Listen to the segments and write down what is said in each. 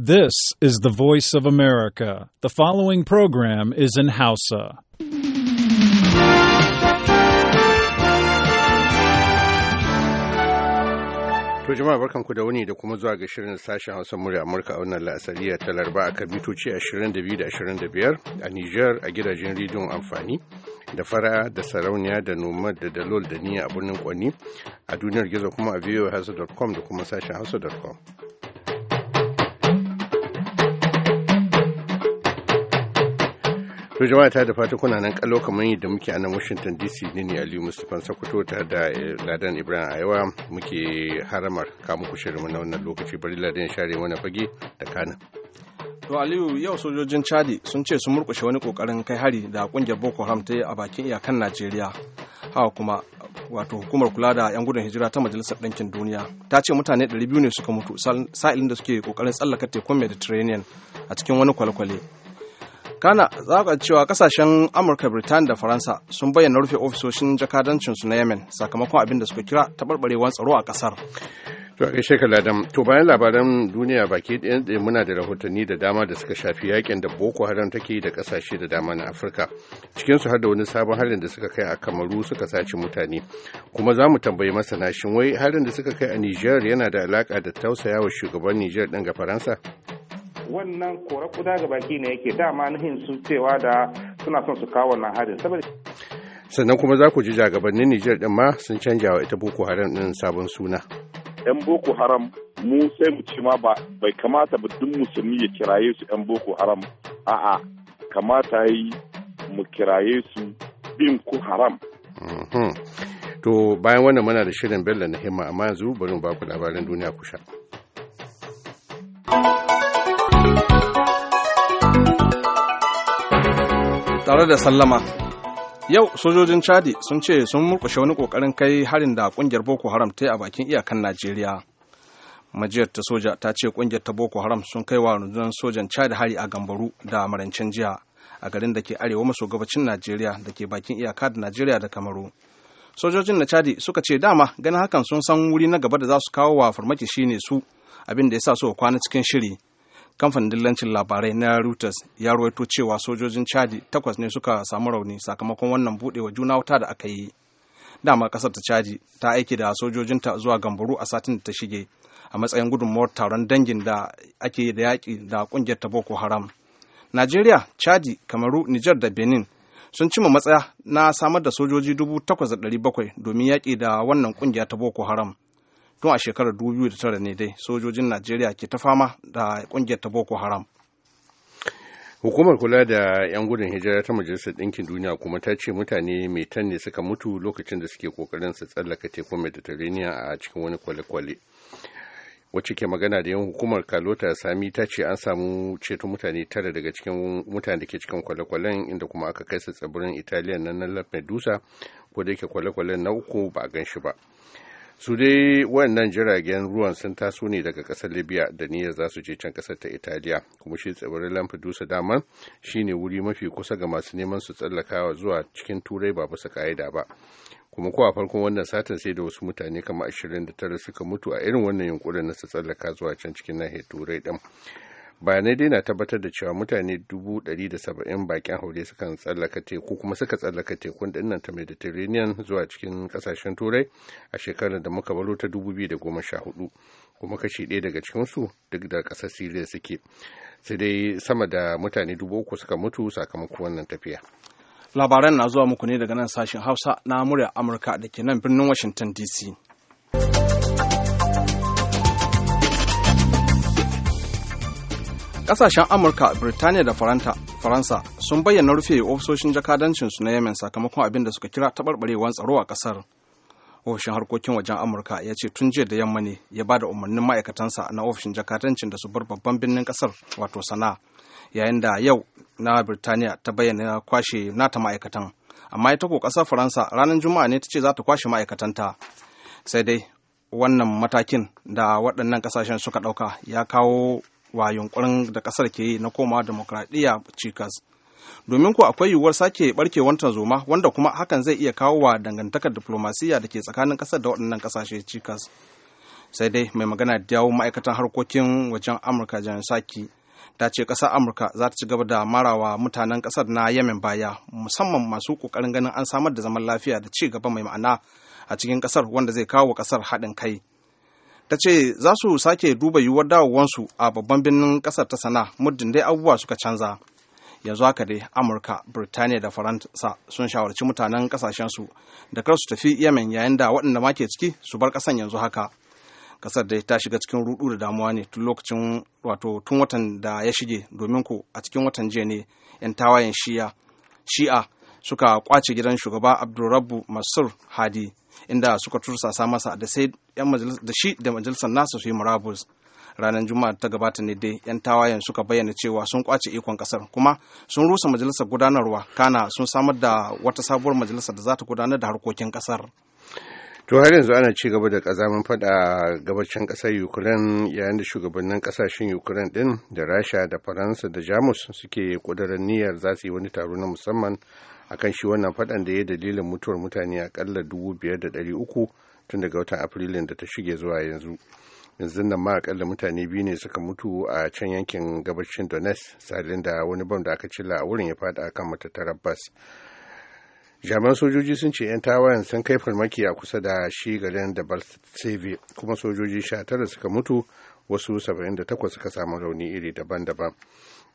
This is the voice of America. The following program is in Hausa. To jama'a barkanku da wani da kuma zuwa ga shirin sashen Hausa murya Amurka a wannan la'asari ta talarba a kan mitoci 22 da 25 a Nijar a gidajen rediyon amfani da fara da sarauniya da noma da dalol da niyya a birnin Kwani a duniyar gizo kuma a voahausa.com da kuma sashen hausa.com. To jama'a ta da fata kuna nan kallo kamar yadda muke a nan Washington DC ne ne Aliyu Mustapha Sokoto ta da eh, Ladan Ibrahim Aiwa muke haramar kamu muku shirin na wannan lokaci bari Ladan share mana fage da kana. To Aliyu yau sojojin Chadi sun ce sun murkushe wani kokarin kai hari da kungiyar Boko Haram ta yi a bakin iyakan Najeriya. hawa kuma wato hukumar kula da 'yan gudun hijira ta Majalisar Ɗinkin Duniya ta ce mutane 200 ne suka mutu sa'ilin da suke kokarin tsallaka tekun Mediterranean a cikin wani kwale kana zaka cewa kasashen amurka birtaniya da faransa sun bayyana rufe ofisoshin jakadancinsu na yemen sakamakon abin da suka kira taɓarɓarewar tsaro a ƙasar To a gaishe Ladam, to bayan labaran duniya baki ɗaya muna da rahotanni da dama da suka shafi yakin da Boko Haram take da kasashe da dama na Afirka. Cikinsu har da wani sabon harin da suka kai a Kamaru suka sace mutane. Kuma za mu tambayi masana shin wai harin da suka kai a Nijar yana da alaka da tausayawa shugaban Nijar din ga Faransa? wannan kora kuda ga baki ne yake dama nuhin su cewa da suna son su kawo wannan harin sannan kuma za ku ji jagabannin Nijar din ma sun canja wa ita Boko Haram din sabon suna. ‘Yan Boko Haram mu sai mu ci ma ba, bai kamata ba duk musulmi ya kiraye su ‘yan Boko Haram a'a kamata yi mu kiraye su bin ku haram. Mhm. To bayan wannan muna da shirin Bello na himma amma yanzu bari mu ba ku labaran duniya ku tare da sallama yau sojojin chadi sun ce sun murkushe wani kokarin kai harin da kungiyar boko haram ta yi a bakin iyakan najeriya majiyar ta soja ta ce kungiyar ta boko haram sun kai wa rundunar sojan chadi hari a gambaru da marancin jiya a garin da ke arewa maso gabacin najeriya da ke bakin iyaka da najeriya da kamaru sojojin na chadi suka ce dama ganin hakan sun san wuri na gaba da za su kawo wa farmaki shine su abin da ya sa su kwana cikin shiri kamfanin dillancin labarai na reuters ya ruwaito cewa sojojin chadi takwas ne suka samu rauni sakamakon wannan budewa juna wuta da aka yi dama kasar ta chadi ta aiki da sojojinta zuwa gambaru a satin da ta shige a matsayin gudunmawar taron dangin da ake da yaƙi da ƙungiyar ta boko haram najeriya chadi kamaru nijar da benin sun cima matsaya na samar da sojoji dubu takwas da bakwai domin yaƙi da wannan ƙungiya ta boko haram tun a shekarar tara ne dai sojojin najeriya ke ta fama da kungiyar ta boko haram hukumar kula da 'yan gudun hijira ta majalisar ɗinkin duniya kuma ta ce mutane mai ne suka mutu lokacin da suke kokarin su tsallaka tekun mediterranean a cikin wani kwale-kwale wacce ke magana da yan hukumar kalota sami ta ce an samu ceto mutane tara daga cikin mutane da ke cikin kwale-kwalen inda kuma aka kai su tsibirin italiya na na lampedusa ko da yake kwale-kwalen na uku ba a gan shi ba su dai wannan jiragen ruwan sun taso ne daga kasar libya da niyyar za su je can kasar ta italiya kuma shi tsibirin lampedusa daman shine wuri mafi kusa ga masu neman su tsallakawa zuwa cikin turai ba bisa ka'ida ba kuma ko a farkon wannan satin sai da wasu mutane kama 29 suka mutu a irin wannan yunkurin na su tsallaka zuwa can cikin nahiyar turai din bayanai dai na tabbatar da cewa mutane dubu ɗari da saba'in bakin haure sukan tsallaka teku kuma suka tsallaka tekun dinnan ta mediterranean zuwa cikin kasashen turai a shekarar da muka baro ta dubu da goma sha hudu kuma kashi ɗaya daga cikinsu duk da kasar siriya suke sai dai sama da mutane dubu uku suka mutu sakamakon wannan tafiya labaran na zuwa muku ne daga nan sashen hausa na murya amurka da ke nan birnin washington dc Kasashen Amurka, Birtaniya da Faransa sun bayyana rufe ofisoshin jakadancinsu na Yemen sakamakon abin da suka kira taɓarɓarewar tsaro a ƙasar. Ofishin harkokin wajen Amurka ya ce tun jiya da yamma ne ya ba da umarnin ma'aikatansa na ofishin jakadancin da su bar babban birnin ƙasar wato sana yayin da yau na Birtaniya ta bayyana kwashe nata ma'aikatan. Amma ita ko ƙasar Faransa ranar Juma'a ne ta ce za ta kwashe ma'aikatanta. Sai dai wannan matakin da waɗannan ƙasashen suka ɗauka ya kawo wa yunkurin da kasar ke yi na koma demokradiyya cikas domin ku akwai yiwuwar sake barkewar zoma, wanda kuma hakan zai iya kawo wa dangantakar diplomasiya da ke tsakanin kasar da waɗannan kasashe cikas sai dai mai magana da yawo ma'aikatan harkokin wajen amurka jan saki ta ce ƙasar amurka za ta ci gaba da marawa mutanen kasar na yemen baya musamman masu ƙoƙarin ganin an samar da zaman lafiya da ci gaba mai ma'ana a cikin ƙasar wanda zai kawo ƙasar haɗin kai ta ce za su sake duba yiwuwar dawowansu a babban birnin kasar ta sana muddin dai abubuwa suka canza yanzu haka dai amurka birtaniya da faransa sun shawarci mutanen kasashensu da kar su tafi yemen yayin da waɗanda ma ke ciki su bar ƙasan yanzu haka kasar dai ta shiga cikin rudu da damuwa ne tun lokacin wato tun watan da ya shige domin ko a cikin watan jiya ne yan tawayen shi'a suka kwace gidan shugaba abdulrabbu masur hadi inda suka tursasa masa da sai da shi da majalisar nasa su yi murabus ranar juma'a ta gabata ne dai yan tawayen suka bayyana cewa sun kwace ikon kasar kuma sun rusa majalisar gudanarwa kana sun samar da wata sabuwar majalisar da za ta gudanar da harkokin kasar to har yanzu ana ci gaba da kazamin fada gabacin kasar ukraine yayin da shugabannin kasashen ukraine din da rasha da faransa da jamus suke kudurin niyyar za su yi wani taro na musamman akan shi wannan faɗan da ya dalilin mutuwar mutane akalla dubu biyar da ɗari uku tun daga watan afrilun da ta shige zuwa yanzu yanzu nan ma akalla mutane biyu ne suka mutu a can yankin gabashin donetsk salin da wani bam da aka cilla a wurin ya faɗa akan matattarar bas jami'an sojoji sun ce 'yan tawayen sun kai farmaki a kusa da shi garin da balseve kuma sojoji 19 suka mutu wasu 78 suka samu rauni iri daban-daban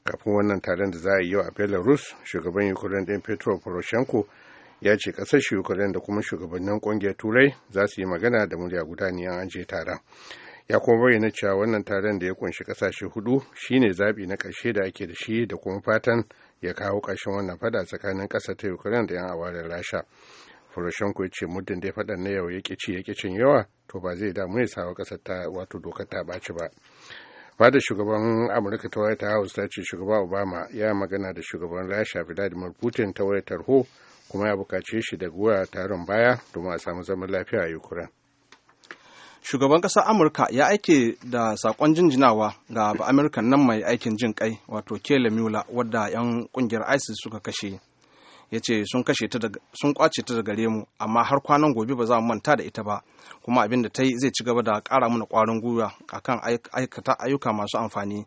kafin wannan taron da za a yi yau a belarus shugaban ukraine din petro poroshenko ya ce kasar ukraine da kuma shugabannin kungiyar turai za su yi magana da murya guda ne an je taron ya kuma bayyana cewa wannan taron da ya kunshi kasashe hudu shine zaɓi na ƙarshe da ake da shi da kuma fatan ya kawo ƙarshen wannan fada tsakanin ƙasar ta ukraine da 'yan awarin rasha poroshenko ya ce muddin dai faɗan na yau ya ƙi ya ƙi cin yawa to ba zai damu ya sawa ƙasar ta wato dokar ta ɓaci ba fadar shugaban amurka ta white house ta ce shugaba obama ya magana da shugaban rasha vladimir putin ta wayar tarho kuma ya bukace shi da guwa taron baya domin a samu zaman lafiya a ukraine shugaban ƙasar amurka ya aike da saƙon jinjinawa ga amurka nan mai aikin jin kai wato kela mula wadda 'yan ƙungiyar isis suka kashe ya ce sun kwace ta daga gare mu amma har kwanan gobe ba za mu manta da ita ba kuma abin da ta yi zai ci gaba da kara mana kwarin gwiwa a kan aikata ayyuka masu amfani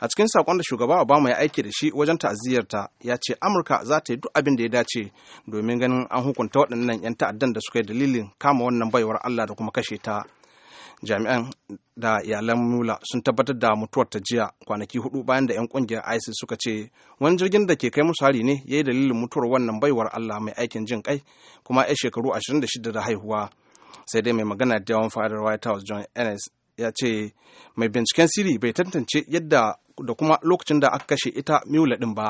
a cikin sakon da shugaba obama ya aiki da shi wajen ta'aziyarta ya ce amurka za ta yi duk abin da ya dace domin ganin an hukunta waɗannan 'yan ta'addan da suka yi dalilin kama wannan baiwar allah da kuma kashe ta jami'an da iyalan mula sun tabbatar da mutuwar ta jiya kwanaki hudu bayan da 'yan kungiyar isis suka ce wani jirgin da ke kai musu hari ne ya yi dalilin mutuwar wannan baiwar allah mai aikin jin kai kuma 'ya shekaru 26 da haihuwa sai dai mai magana da yawan fadar white house john ennis ya ce mai binciken siri bai tantance yadda da kuma lokacin da aka kashe ita mula din ba.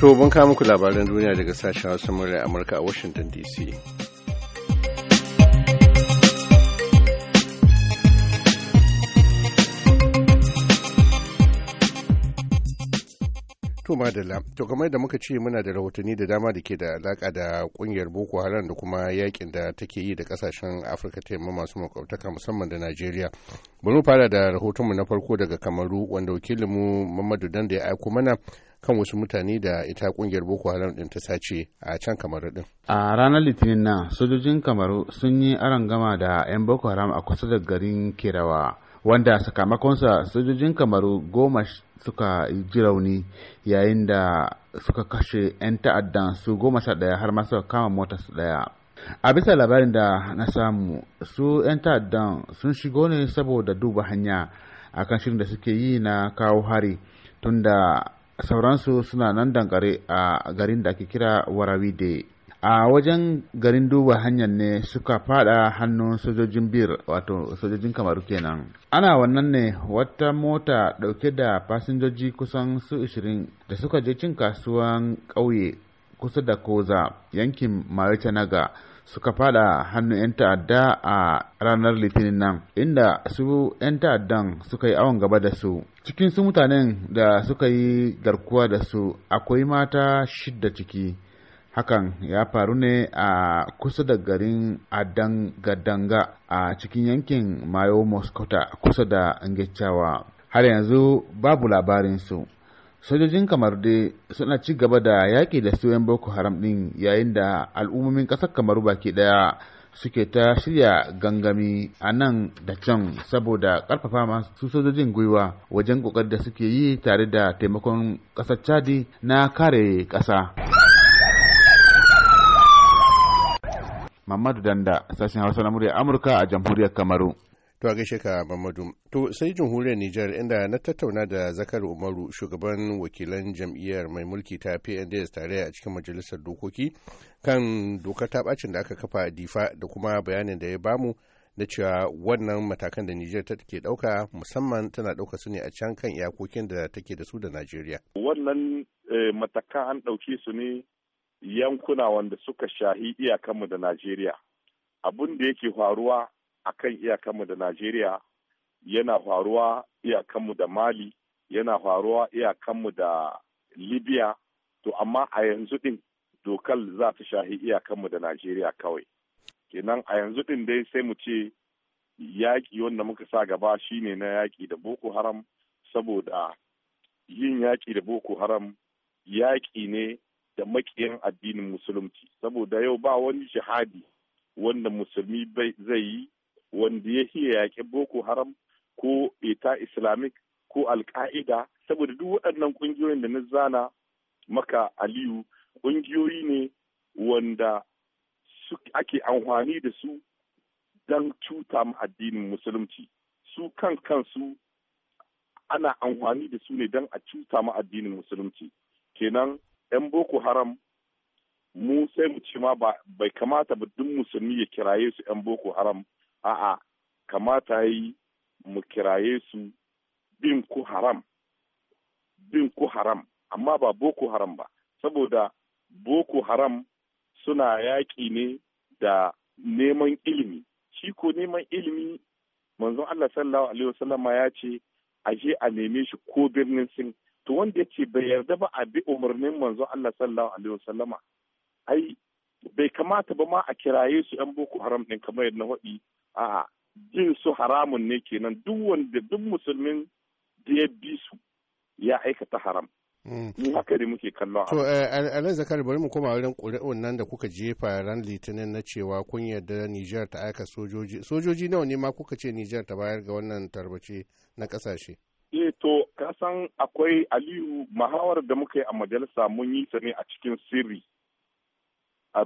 To ban kawo muku labaran duniya daga sashen Hausa murya Amurka a Washington DC. To madalla, to kamar da muka ce muna da rahotanni da dama da ke da alaƙa da ƙungiyar Boko Haram da kuma yakin da take yi da ƙasashen Afirka ta yamma masu makwabtaka musamman da Najeriya. Bari mu fara da rahotonmu na farko daga Kamaru wanda wakilinmu Mamadu Dande ya aiko mana kan wasu mutane da ita kungiyar boko haram din ta sace a can kamaru din a ranar litinin na sojojin kamaru sun yi gama da 'yan boko haram a kusa da garin kirawa wanda sakamakonsa sojojin kamaru goma suka ji rauni yayin da suka kashe 'yan ta'addan su goma sha ɗaya har ma kama mota su ɗaya a bisa labarin da na samu su 'yan ta'addan sun shigo ne saboda duba hanya akan shirin da suke yi na kawo hari tunda sauransu suna nan dankare a garin da ake kira warawi warawide a wajen garin duba hanyar ne suka fada hannun sojojin bir wato sojojin kamaru kenan ana wannan ne wata mota dauke da fasinjoji kusan su 20 da suka je cin kasuwan ƙauye kusa da koza yankin naga suka fada hannun 'yan ta'adda a ranar litinin nan inda su 'yan ta'addan suka yi awon gaba da su cikin su mutanen da suka yi garkuwa da su akwai mata shidda ciki hakan ya faru ne a kusa da garin adangadanga a cikin yankin mayo moscota kusa da ngecawa har yanzu babu labarin su sojojin kamar suna ci gaba da yaƙi da su 'yan boko haram ɗin yayin da al'ummomin ƙasar kamaru baki ɗaya suke ta shirya gangami a nan da can saboda karfafa masu sojojin gwiwa wajen kokar da suke yi tare da taimakon kasar chadi na kare kasa mamadu danda sashen hausa na murya amurka a jamhuriyar kamaru To a gaishe ka Mamadu. To sai jamhuriyar Nijar inda na tattauna da Zakar Umaru shugaban wakilan jam'iyyar mai mulki ta PNDS tare a cikin majalisar dokoki kan dokar ta bacin da aka kafa Difa da kuma bayanin da ya bamu na cewa wannan matakan da Nijar ta take dauka musamman tana dauka su ne a can kan iyakokin da take da su da Najeriya. Wannan eh, matakan an dauke su ne yankuna wanda suka shahi iyakanmu da Najeriya. Abin da yake faruwa a kan iyakanmu da Najeriya yana faruwa iyakanmu da Mali yana faruwa iyakanmu da Libya to amma a yanzu din dokar za ta shahi iyakanmu da Najeriya kawai kenan a yanzu din dai sai mu ce yaƙi wanda muka sa gaba shine na yaƙi da Boko Haram saboda yin yaƙi da Boko Haram yaƙi ne da maƙiyan addinin musulunci saboda yau ba wani jihadi wanda musulmi zai yi wanda ya hiya yaƙi boko haram ko ita islamic ko alka'ida saboda duk waɗannan ƙungiyoyin da na zana maka aliyu ƙungiyoyi ne wanda ake amfani da su don cuta ma addinin musulunci su kan kansu ana amfani da su ne don a cuta ma addinin musulunci kenan 'yan boko haram mu sai mu ce ma bai kamata ba duk musulmi ya kiraye su 'yan boko haram a'a kamata yi mu kiraye su bin ku haram bin ku haram amma ba boko haram ba saboda boko haram suna yaƙi ne da neman ilimi shi ko neman ilimi manzon Allah sallallahu alaihi wasallama ya ce a je a neme shi ko birnin sin to wanda ya bai yarda ba a bi umarnin manzon Allah sallallahu alaihi wasallama ai bai kamata ba ma a kiraye su yan boko haram din kamar yadda na faɗi A'a, jin su haramun ne kenan duk wanda duk musulmin da ya bi su ya aikata haram Ni hmm. haka ne muke kallon to eh, alai zakari bari mu koma wurin ƙuri'un nan da kuka jefa ran litinin na cewa kun yarda Nijar ta aika sojoji sojoji nawa ne ma kuka ce Nijar ta bayar ga wannan tarbace na ƙasashe eh to san akwai aliyu mahawar da muka yi a majalisa mun yi ta ne a cikin sirri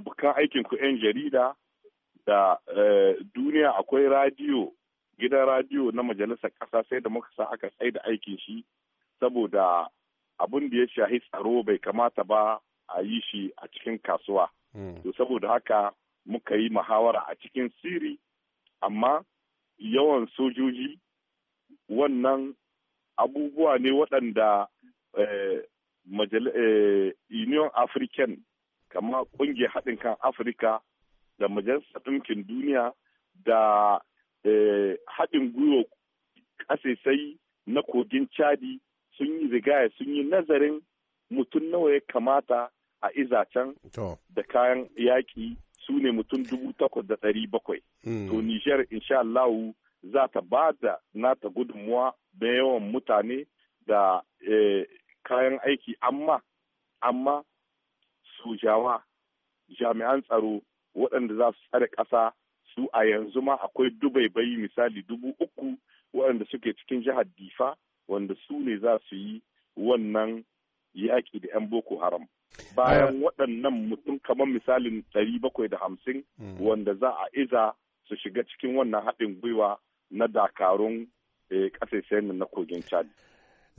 bukan aikin ku 'yan jarida da eh, duniya akwai radio gidan radio na majalisar ƙasa sai da muka sa aka tsaye da aikin shi saboda abin da ya shahi tsaro bai kamata ba a yi shi a cikin kasuwa. Hmm. To saboda haka muka yi muhawara a cikin siri amma yawan sojoji wannan abubuwa ne waɗanda eh, eh, Union African kama ƙungiyar haɗin kan Afirka da majalisar ɗinkin duniya da eh, haɗin gwiwa ƙasaisai na kogin chadi sun yi rigaya sun yi nazarin mutum nawa ya kamata a izacen da kayan yaƙi su ne mutum dubu takwas da ɗari bakwai. Hmm. To Nijar insha Allahu za ta ba da nata gudunmuwa da yawan mutane da eh, kayan aiki amma amma sojawa jami'an tsaro waɗanda za su tsare ƙasa su a yanzu ma akwai dubai bayi misali dubu uku waɗanda suke cikin jihar difa wanda su ne za su yi wannan yaƙi da 'yan boko haram bayan waɗannan mutum kamar misalin ɗari bakwai da hamsin hmm. wanda za a iza su shiga cikin wannan haɗin gwiwa na dakarun eh, ƙasashen na kogin chad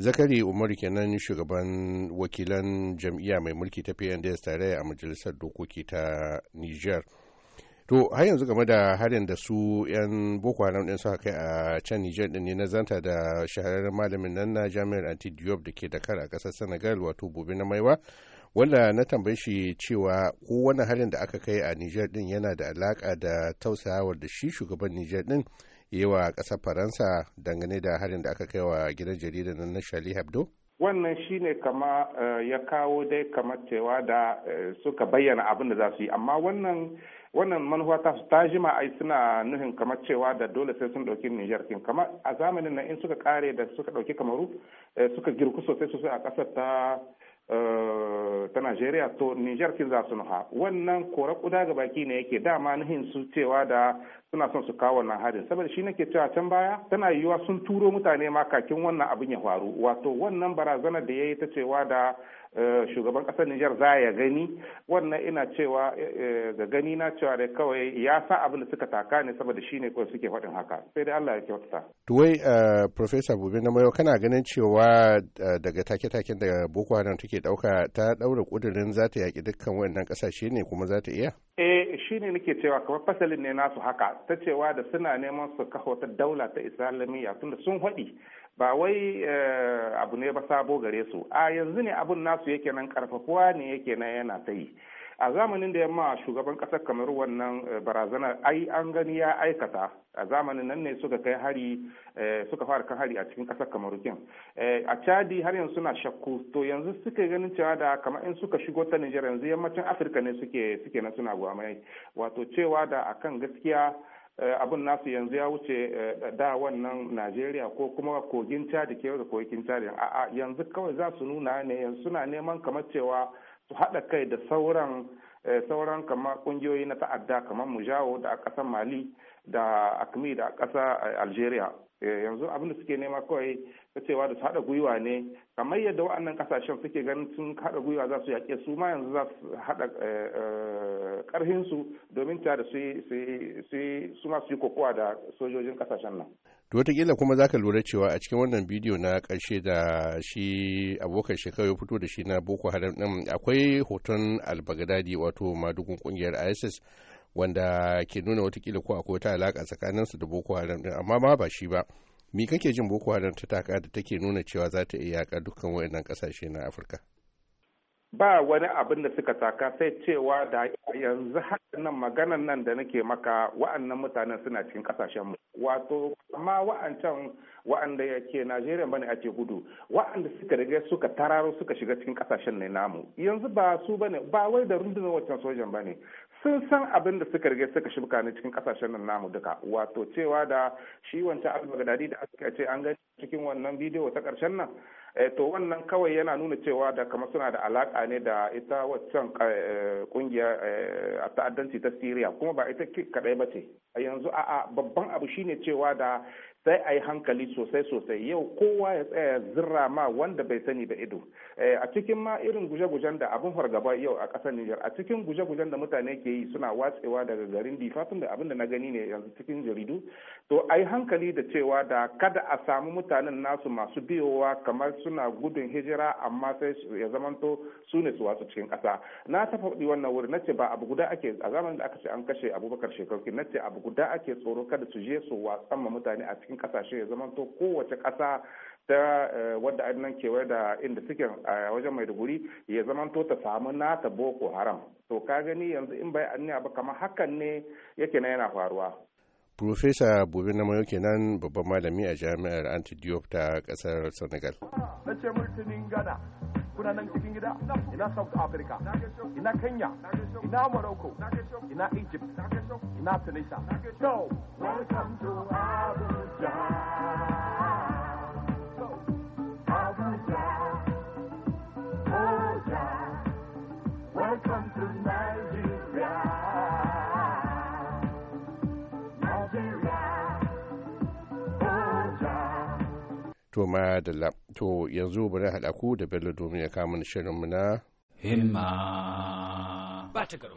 zakari umar kenan shugaban wakilan jam'iyya mai mulki ta pnds tare a majalisar dokoki ta niger to har yanzu game da harin da su 'yan boko haram din suka kai a can niger din ne na zanta da shahararren malamin nan na jami'ar anti diop da ke dakar a kasar senegal wato gobe na maiwa wanda na tambaye shi cewa ko wani harin da aka kai a niger din yana da alaka da tausayawar da shi shugaban niger din yi wa ƙasar faransa dangane da harin da aka kai wa gidan jaridar nan na shali habdo wannan shine kama eh, ya kawo dai kamar cewa da eh, suka bayyana abin da za su yi amma wannan wannan manufa ta ta jima ai suna nuhin kamar cewa da dole sai sun dauki Niger kin kamar a zamanin nan in suka kare da suka dauki Kamaru eh, suka girku sosai sosai a kasar ta ta Najeriya to Niger kin za su nuha wannan kora kuda ga baki ne yake dama nuhin su cewa da suna son su kawo wannan harin saboda shi nake cewa can baya tana yiwuwa sun turo mutane ma kakin wannan abin ya faru wato wannan barazana da ya yi ta cewa da eh, shugaban kasar Nijar za ya gani wannan ina cewa eh, eh, ga gani na cewa da kawai ya sa abin da suka taka ne saboda shi ne kawai suke faɗin haka sai dai Allah ya To Tuwai Professor bube na Mayo kana ganin cewa daga take-taken da Boko Haram take ɗauka ta ɗaura ƙudurin za ta yaƙi dukkan wannan ƙasashe ne kuma za ta iya? Eh shi ne nake cewa kamar fasalin ne nasu haka ta cewa da suna neman su kaho ta daula ta islamiyya tunda sun haɗi ba wai eh, abu ne ba sabo gare su a yanzu ne abun nasu yake nan karfafuwa ne yake nan yana ta yi a zamanin da yamma shugaban kasar kamar wannan eh, barazanar ai an gani ya aikata a zamanin nan ne suka kai hari eh, suka fara kan hari a cikin kasar kin a chadi har yanzu suna shakku to yanzu suka ganin cewa da kamar in suka shigo ta nijar yanzu yammacin afirka ne suke suke na suna gwamai wato cewa da akan gaskiya Eh, abin nasu yanzu ya wuce eh, da wannan najeriya ko kuma kogin cadi kewa da kogin cadi a yanzu kawai za su nuna ne yanzu suna neman kamar cewa su haɗa kai da sauran eh, sauran kamar kungiyoyi na ta'adda kamar mujawo da a ƙasar mali da akmi da a ƙasar algeria Eh, yanzu abin da suke nema kawai ta cewa da su haɗa gwiwa ne kamar yadda waɗannan kasashen suke ganin sun haɗa gwiwa za su yaƙe su ma yanzu za su haɗa eh, eh, ƙarhinsu domin ta da su ma su yi kokowa da sojojin ƙasashen nan. To wataƙila kuma za ka lura cewa a cikin wannan bidiyo na karshe da shi abokan shekaru ya fito da shi na Boko Haram ɗin akwai hoton albagadadi wato madugun ƙungiyar ISIS wanda ke nuna watakila ko akwai wata alaƙa tsakaninsu da boko haram din amma ma ba shi ba mi kake jin boko haram ta taka da take nuna cewa za ta iya yaƙa dukkan wayannan ƙasashe na afirka ba wani abin da suka taka sai cewa da yanzu nan maganan nan da nake maka wa'annan mutanen suna cikin kasashen mu wato amma wa'ancan wa'anda yake Najeriya bane ake gudu wa'anda suka riga suka tararo suka shiga cikin kasashen ne namu yanzu ba su bane ba wai da rundunar wancan sojan bane sun san abin da suka rige suka shibka ne cikin kasashen nan namu duka wato cewa da shi wancan albagadadi da aka ce an gani cikin wannan bidiyo ta karshen nan eh, to wannan kawai yana nuna cewa da kamar suna da alaka ne da ita waccan kungiya eh, a eh, ta'addanci ta Syria kuma ba ita kadai ba ce yanzu a'a babban abu shine cewa da sai a yi hankali sosai sosai yau kowa ya tsaya zirra ma wanda bai sani da ido eh, a cikin ma irin guje-gujen da abin fargaba yau a ƙasar Nijar a cikin guje-gujen da mutane ke yi suna watsewa daga garin difatun da abin da na gani ne yanzu cikin jaridu to a yi hankali da cewa da kada a samu mutanen nasu masu biyowa kamar suna gudun hijira amma sai ya zamanto su ne su watsu cikin ƙasa na ta faɗi wannan wuri na ce ba abu guda ake a zamanin da aka ce an kashe abubakar shekaru na ce abu guda ake tsoro kada su je su watsan ma mutane a cikin cikin kasashe ya zama to kowace kasa ta eh, wadda nan kewaye da inda suke a wajen maiduguri ya zama to ta samu nata boko haram to ka gani yanzu in bai anniya ba kamar hakan ne yake na yana faruwa Profesa Bobi mayo kenan babban malami a jami'ar Antidiop ta kasar Senegal. mulkinin kuna nan cikin gida ina south africa ina kenya ina morocco ina egypt ina tunisia so welcome to abuja to ma da to yanzu bari haɗa ku da bello domin ya kama shirin mu na himma ba ta garo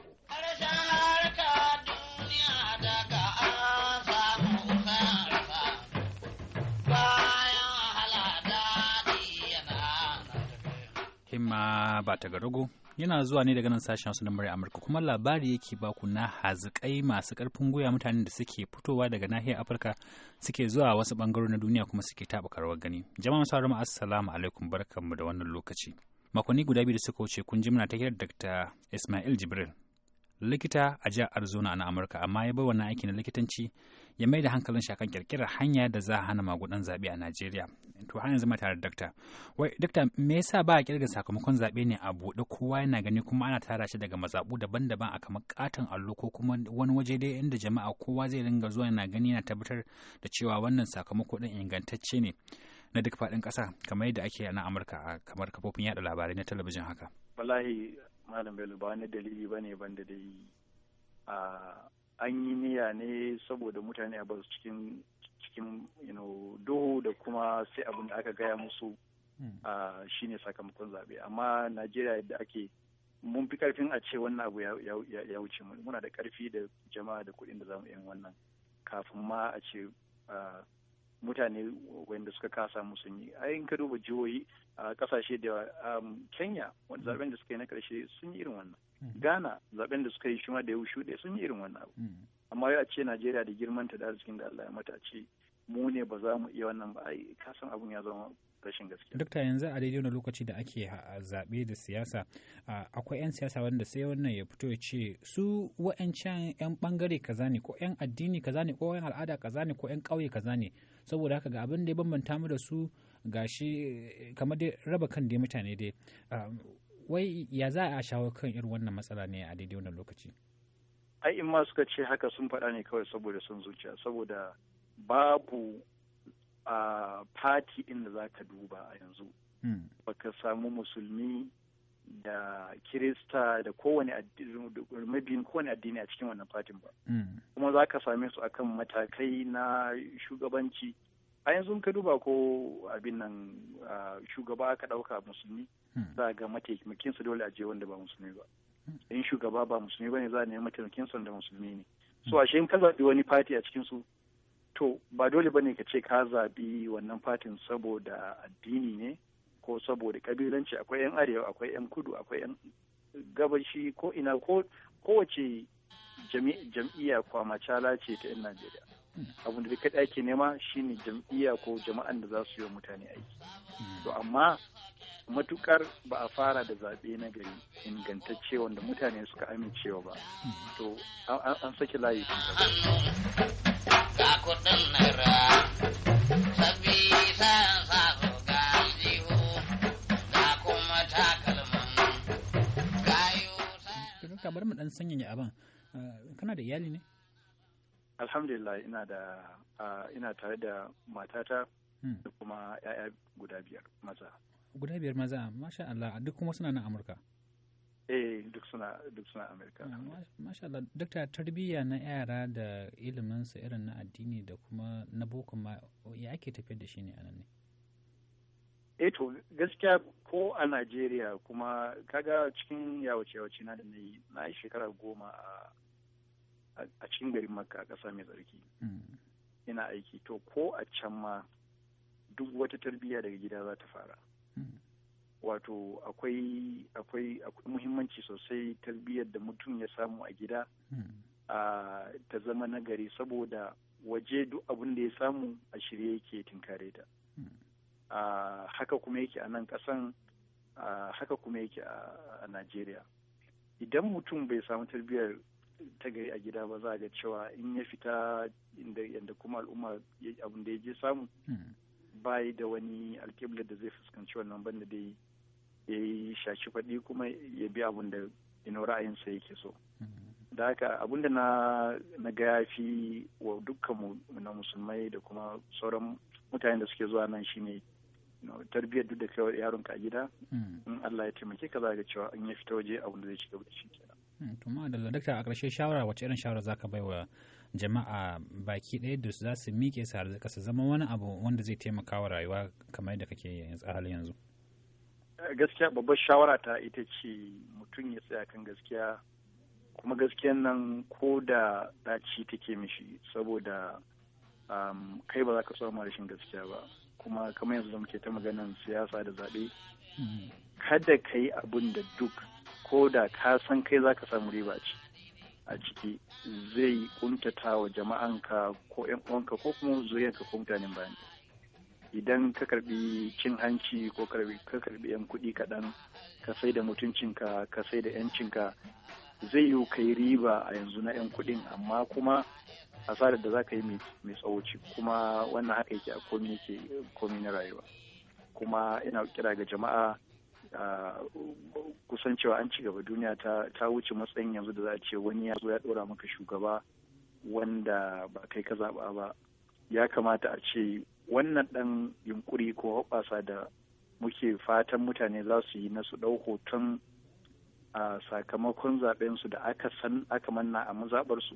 himma ba ta garugu yana zuwa ne daga nan sashen wasu na Amurka kuma labari yake ku na hazikai masu karfin gwiwa mutanen da suke fitowa daga nahiyar Afirka suke zuwa wasu bangarori na duniya kuma suke taɓa karawar gani. Jama'a masu haramu assalamu alaikum barkanmu da wannan lokaci. Makonni guda biyu da suka wuce kun ji muna ta hirar Dr. Ismail Jibril likita a jihar Arizona na Amurka amma ya bai wannan aiki na likitanci ya mai da hankalin shakan kirkirar hanya da za a hana magudan zaɓe a Najeriya to har yanzu tare da dakta wai dakta me yasa ba a kirga sakamakon zaɓe ne a buɗe kowa yana gani kuma ana tara shi daga mazaɓu daban-daban a kamar katon allo ko kuma wani waje dai inda jama'a kowa zai ringa zuwa yana gani yana tabbatar da cewa wannan sakamako ɗin ingantacce ne na duk faɗin ƙasa kamar yadda ake na amurka a kamar kafofin yaɗa labarai na talabijin haka wallahi malam bello ba wani dalili bane banda dai ah, an yi niyya ne saboda mutane a basu cikin cikin duhu da kuma sai abin da aka gaya musu hmm. shine sakamakon zaɓe amma najeriya yadda ake mun fi karfin a ce wannan abu ya wuce mu muna da karfi da jama'a da kuɗin da zamu yin wannan kafin ma a ce mutane wanda suka kasa musu yi yin ka duba jihohi a kasashe da um, kenya wanda hmm. zaben da suka yi na karshe sun yi irin wannan hmm. ghana zaben da suka yi ma da ya sun yi irin wannan abu amma ya ce najeriya da girmanta da arzikin da allah ya mata ce mu ne ba za mu iya wannan ba ai kasan abun ya zama rashin gaskiya. Dokta yanzu a daidai wani lokaci da ake zaɓe da siyasa akwai 'yan siyasa wanda sai wannan ya fito ya ce su wa'ancan 'yan bangare kaza ne ko 'yan addini kaza ne ko 'yan al'ada kaza ne ko 'yan ƙauye kaza ne saboda haka ga abin da ya bambanta mu da su gashi eh, kamar dai raba kan dai mutane dai wai ya za a shawo kan irin wannan matsala ne a daidai wannan lokaci. ai in ma suka ce haka sun faɗa ne kawai saboda son zuciya saboda babu a fati inda da za ka duba a yanzu hmm. baka samu musulmi da kirista da kowane mabiyin addini a cikin wannan fatin ba hmm. kuma za ka same su akan matakai na shugabanci a yanzu ka duba ko abin nan shugaba ka ɗauka musulmi hmm. za ga mataimakinsa dole a je wanda ba musulmi ba in shugaba ba musulmi bane za a nemi mataimakin sanda musulmi ne so ashe in ka zaɓi wani fati a cikin su to ba dole bane ka ce ka zaɓi wannan fatin saboda addini ne ko saboda kabilanci akwai yan arewa akwai yan kudu akwai yan gabashi ko ina ko kowace jam'iyya kwamacala ce ta yan najeriya abin da duka ake nema shine jam'iyya ko jama'an da za su yi mutane aiki hmm. to amma matukar ba a fara da zaɓe na gari ingantacce wanda mutane suka amincewa ba to an saki layi kamar mu dan sanyaya abin ah, kana da iyali ne alhamdulillah ina da ah, ina tare da matata hmm. da kuma 'ya'ya guda biyar maza guda biyar maza masha Allah duk kuma suna nan Amurka eh duk suna duk suna Amurka ah, masha Allah duk ta tarbiyya na yara da ilimin su irin na addini da kuma na boko ma ya ake tafiyar da shi ne anan ne eh to gaskiya ko a Najeriya kuma kaga cikin yawace yawace na da nayi na shekara goma a a cikin garin Makka a ƙasa mai tsarki hmm. ina aiki to ko a can ma duk wata tarbiyya daga gida za ta fara wato akwai akwai muhimmanci sosai tarbiyyar da mutum ya samu a gida hmm. ta zama nagari saboda waje duk abin da ya samu a shirye yake tinkare ta hmm. haka kuma yake a nan kasan haka kuma yake a najeriya idan mutum bai samu tarbiyyar ta gari a gida ba za a ga cewa in ya fita inda kuma al'umma abin da ya je samu hmm. bayi da wani alkibla da zai fuskanci wannan banda dai ya yi shaki faɗi kuma ya bi abin da ino ra'ayinsa yake so da haka abin da na ga ya fi wa dukkanmu na musulmai da kuma sauran mutanen da suke zuwa nan shine tarbiyyar duk da kai yaronka a gida hmm. in Allah ya taimake ka za ga cewa in ya fita waje abin da zai ci gaba da shi kenan hmm, to ma da dakta a ƙarshe shawara wace irin shawara zaka bai wa jama'a baki ɗaya da za su miƙe su har zama wani abu wanda zai taimaka wa rayuwa kamar yadda kake a halin yanzu gaskiya babbar shawara ta ita ce mutum ya tsaya kan gaskiya kuma gaskiya nan ko da ɗaci take mishi saboda um, kai ba za ka samu rashin gaskiya ba kuma kamar yanzu da muke ta maganan siyasa da zaɓe kada ka yi abin da duk ko da ka san kai za ka samu riba ce a ciki zai kuntata wa jama'anka ko 'yan uwanka ko kuma zuriyanka ko mutanen bayan idan ka karbi cin hanci ko ka karbi yan kuɗi kaɗan ka sai da mutuncinka ka sai da yancinka zai yiwu kai riba a yanzu na yan kuɗin amma kuma asarar da za ka yi mai tsawoci kuma wannan haka yake a komi yake komi na rayuwa kuma ina kira ga jama'a kusan cewa an ci gaba duniya ta wuce matsayin yanzu da za a ce wani ya zo ya ɗora maka shugaba wanda ba kai ka zaɓa ba ya kamata a ce wannan ɗan yunkuri ko hoɓasa da muke fatan mutane za su yi na su ɗau hoton a sakamakon zaɓensu da aka san aka manna a mazaɓarsu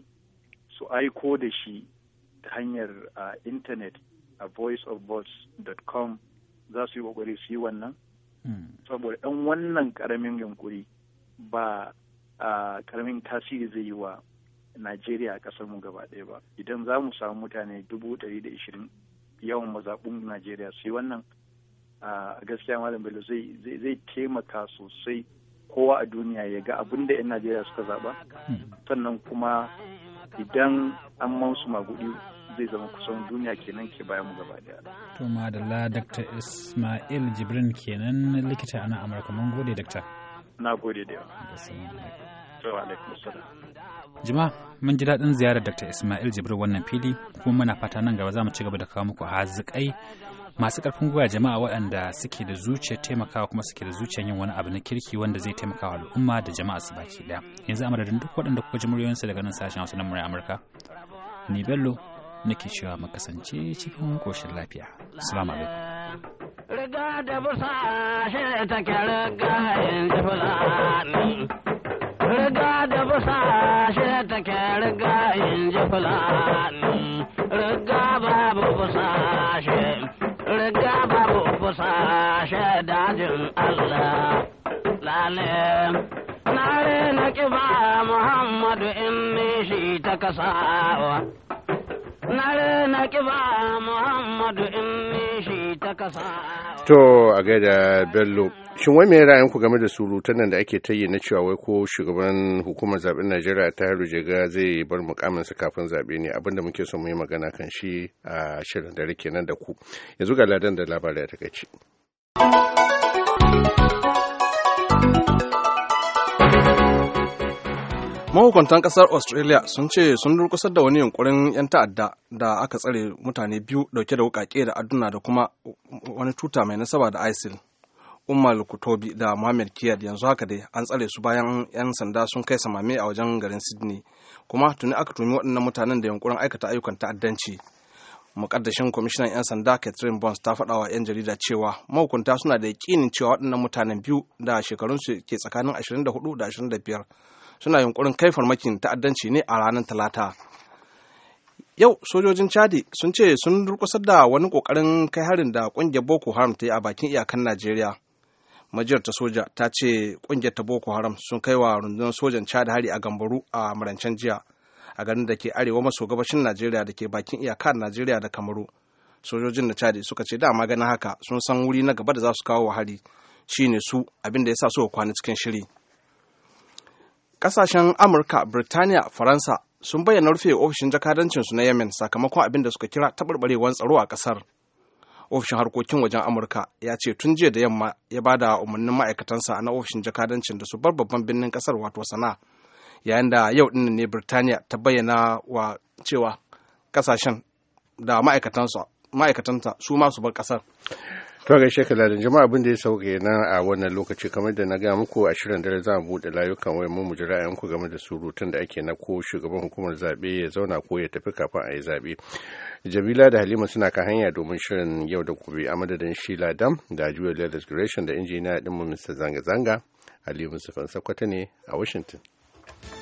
su aiko da shi ta hanyar a intanet a voiceofvotes.com za su yi ƙoƙari su yi wannan hmm. saboda ɗan wannan ƙaramin yunkuri ba a ƙaramin tasiri zai yi wa najeriya a ƙasarmu gaba ɗaya ba idan za mu samu mutane dubu ɗari da ishirin yawan mazaɓun najeriya su yi wannan a gaskiya malam bello zai taimaka sosai kowa a duniya ya ga abin da 'yan najeriya suka zaɓa sannan kuma idan an mansu maguɗi zai zama kusan duniya kenan ke bayan mu gaba daya. To madalla Dr. Ismail Jibrin kenan likita a nan Amurka mun gode Dr. Na gode da yawa. Jima mun ji daɗin ziyarar Dr. Ismail Jibril wannan fili kuma muna fata nan gaba za mu ci gaba da kawo muku hazikai masu ƙarfin gwiwa jama'a waɗanda suke da zuciyar taimakawa kuma suke da zuciyar yin wani abu na kirki wanda zai taimaka al'umma da jama'a su baki ɗaya. Yanzu a madadin duk waɗanda kuka ji muryoyinsu daga nan sashen Hausa na murya Amurka. Ni Bello nake cewa mu kasance cikin koshin lafiya. Assalamu alaikum. Riga da busa shi take riga yanzu fulani. ashe take riga yin ji fulani riga babu fusashe riga babu fusashe dajin Allah lale nare na kiba Muhammadu inni shi ta kasawa nare na kiba Muhammadu inni shi ta kasawa To a gaida Bello, shin wai mai ra'ayinku game da surutan nan da ake ta yi na cewa wai ko shugaban hukumar zaɓen Najeriya ta haru jega zai bar mukaminsa kafin zaɓe ne abinda muke son mu yi magana kan shi a shirin dare nan da ku. Yanzu ga ladan da labarai ta takaice mahukuntan kasar australia sun ce sun durkusar da wani yunkurin 'yan ta'adda da aka tsare mutane biyu dauke da wukake da aduna da kuma wani tuta mai nasaba da isil umar kutobi da mohamed kiyad yanzu haka dai an tsare su bayan 'yan sanda sun kai samame a wajen garin sydney kuma tuni aka tuni waɗannan mutanen da yunkurin aikata ayyukan ta'addanci mukaddashin kwamishinan 'yan sanda catherine bones ta faɗawa 'yan jarida cewa mahukunta suna da yakinin cewa waɗannan mutanen biyu da shekarunsu ke tsakanin 24 da 25 suna yunkurin kai farmakin ta'addanci ne a ranar talata yau sojojin chadi sun ce sun durkusar da wani kokarin kai harin da kungiyar boko haram ta yi a bakin iyakan najeriya majiyar ta soja ta ce kungiyar ta boko haram sun kai wa rundunar sojan chadi hari a gambaru a marancen jiya a garin da ke arewa maso gabashin najeriya da ke bakin iyakar najeriya da kamaru sojojin na chadi suka ce dama ganin haka sun san wuri na gaba da za su kawo wa hari shine su abinda ya sa su kwana cikin shiri Ƙasashen Amurka, Birtaniya, Faransa sun bayyana rufe ofishin jakadancinsu na Yemen sakamakon abin da suka kira taɓarɓarewar tsaro a ƙasar. Ofishin harkokin wajen Amurka ya ce tun jiya da yamma ya ba da umarnin ma'aikatansa na ofishin jakadancin da su bar babban birnin ƙasar wato sana'a. Yayin da yau ɗin ne Birtaniya ta bayyana wa cewa ƙasashen da ma'aikatanta su ma su bar ƙasar. To gaishe ka jama'a abin da ya sauke na a wannan lokaci kamar da na ga muku a shirin dare za mu buɗe layukan wayar mu jira ku game da surutun da ake na ko shugaban hukumar zaɓe ya zauna ko ya tafi kafin a yi zaɓe. Jamila da Halima suna ka hanya domin shirin yau da gobe a madadin shi ladam da Julia Lelis Gresham da injiniya ɗinmu Mr. Zanga-Zanga. Halima Sufan Sakwata ne a Washington.